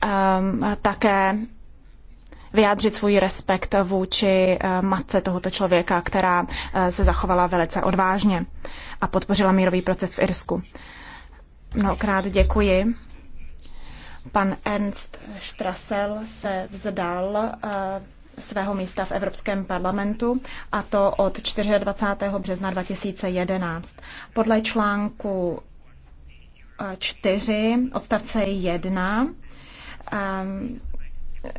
Ehm, také vyjádřit svůj respekt vůči eh, matce tohoto člověka, která eh, se zachovala velice odvážně a podpořila mírový proces v Irsku. Mnohokrát děkuji. Pan Ernst Strassel se vzdal eh, svého místa v Evropském parlamentu, a to od 24. března 2011. Podle článku 4 odstavce 1 Ehm,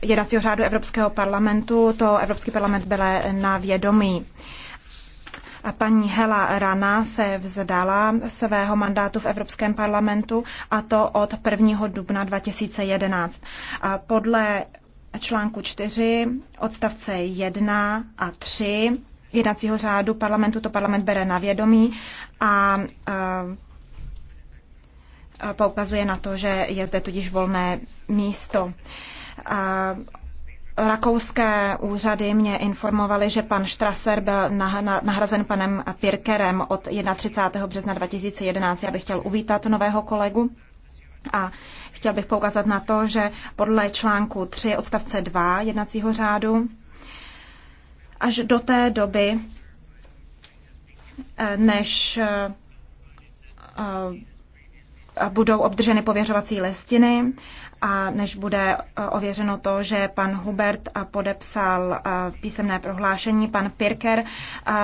jednacího řádu Evropského parlamentu, to Evropský parlament byl na vědomí. A paní Hela Rana se vzdala svého mandátu v Evropském parlamentu a to od 1. dubna 2011. A podle článku 4 odstavce 1 a 3 jednacího řádu parlamentu to parlament bere na vědomí a, a ehm, poukazuje na to, že je zde tudíž volné místo. Rakouské úřady mě informovaly, že pan Strasser byl nahrazen panem Pirkerem od 31. března 2011. Já bych chtěl uvítat nového kolegu. A chtěl bych poukázat na to, že podle článku 3 odstavce 2 jednacího řádu až do té doby, eh, než eh, budou obdrženy pověřovací listiny a než bude e, ověřeno to, že pan Hubert podepsal e, písemné prohlášení, pan Pirker e,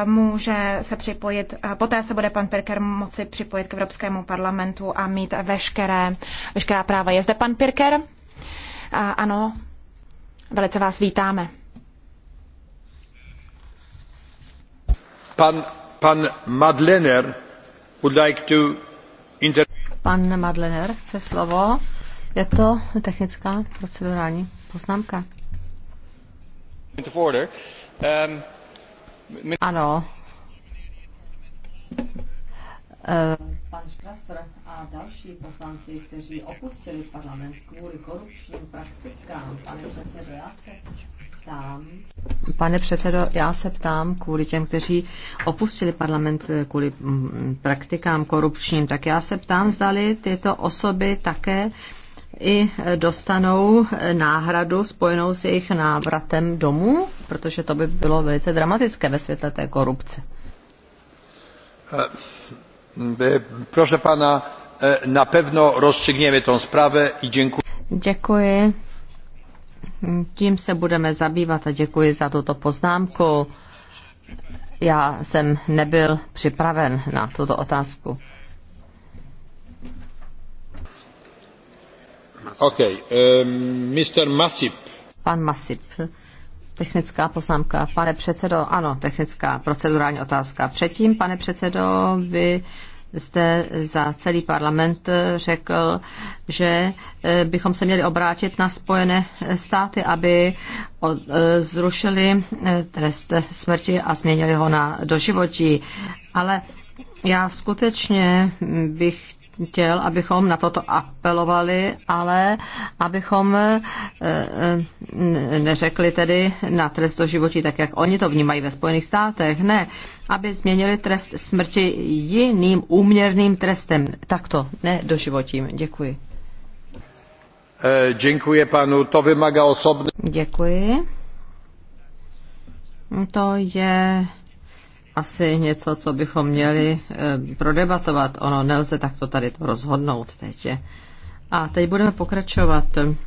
může se připojit, poté se bude pan Pirker moci připojit k Evropskému parlamentu a mít veškeré, veškerá práva. Je zde pan Pirker? Ano, velice vás vítáme. Pan, pan Madlener would like to inter- Pan Madlener chce slovo. Je to technická procedurální poznámka. Ano. Eh, pan Štrasr a další poslanci, kteří opustili parlament kvůli korupčním praktikám, pane předsedo, já se ptám. Pane předsedo, já se ptám kvůli těm, kteří opustili parlament eh, kvůli mm, praktikám korupčním, tak já se ptám, zdali tyto osoby také i eh, dostanou eh, náhradu spojenou s jejich návratem domů, protože to by bylo velice dramatické ve světle té korupce. Proszę pana, na pewno rozstrzygniemy tę sprawę i dziękuję. Děkuji tím se budeme zabývat a děkuji za tuto poznámku. Já jsem nebyl připraven na tuto otázku. OK. um, Mr. Masip. Pan Masip. Technická poznámka. Pane předsedo, ano, technická procedurální otázka. Předtím, pane předsedo, vy jste za celý parlament eh, řekl, že eh, bychom se měli obrátit na Spojené státy, aby eh, zrušili trest smrti a změnili ho na doživotí. Ale já skutečně bych chtěl, abychom na toto apelovali, ale abychom e, e, neřekli tedy na trest do životí, tak jak oni to vnímají ve Spojených státech. Ne, aby změnili trest smrti jiným úměrným trestem. Takto, ne do životím. Děkuji. E, děkuji panu, to vymaga osobně. Děkuji. To je asi něco, co bychom měli eh, prodebatovat. Ono nelze takto tady to rozhodnout teď. A teď budeme pokračovat